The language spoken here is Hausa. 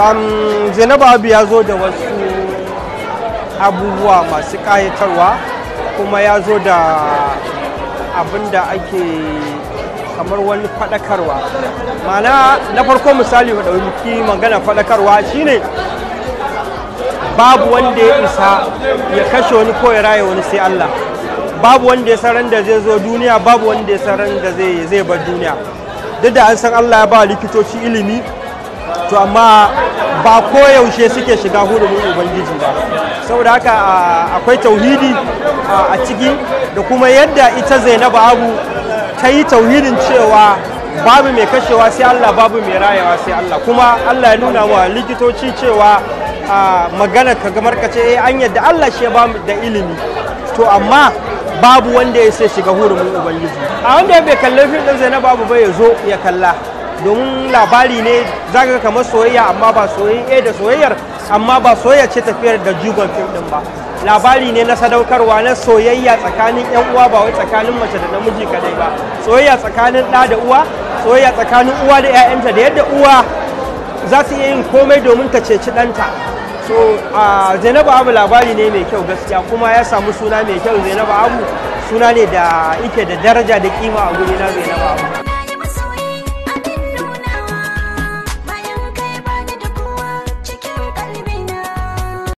um, zainabu abu ya zo da wasu abubuwa masu kayatarwa kuma ya zo da abin da ake kamar wani fadakarwa mana na farko misali da dauki magana faɗakarwa shine babu wanda ya isa ya kashe wani ko ya raye wani sai Allah babu wanda ya san da zai zo duniya babu wanda ya san da zai bar duniya duk da an san Allah ya ba likitoci ilimi to amma ba koyaushe suke shiga hudumin ubangiji ba saboda haka akwai tauhidi a ciki da kuma yadda ita zainabu abu ta yi tauhidin cewa babu mai kashewa sai allah babu mai rayawa sai allah kuma allah ya nuna wa likitoci cewa magana ka gamar ka ce eh, an yadda allah shi ba da ilimi to amma babu wanda ya sai shiga hurumin ubangiji a wanda ya bai kalli fim din zainabu abu ba ya zo ya kalla domin labari ne zaga kamar soyayya amma ba soyayya eh, da soyayyar amma ba soyayya ce tafiyar da jugon fim din ba labari ne na sadaukarwa na soyayya tsakanin yan uwa ba wai tsakanin mace da namiji kadai ba soyayya tsakanin ɗa da uwa soyayya tsakanin uwa da ƴaƴanta da yadda uwa za su iya yin komai domin ta ceci ɗanta so zainabu abu labari ne mai kyau gaskiya kuma ya samu suna mai kyau zainabu abu suna ne da ike da daraja da kima a guri na zainabu abu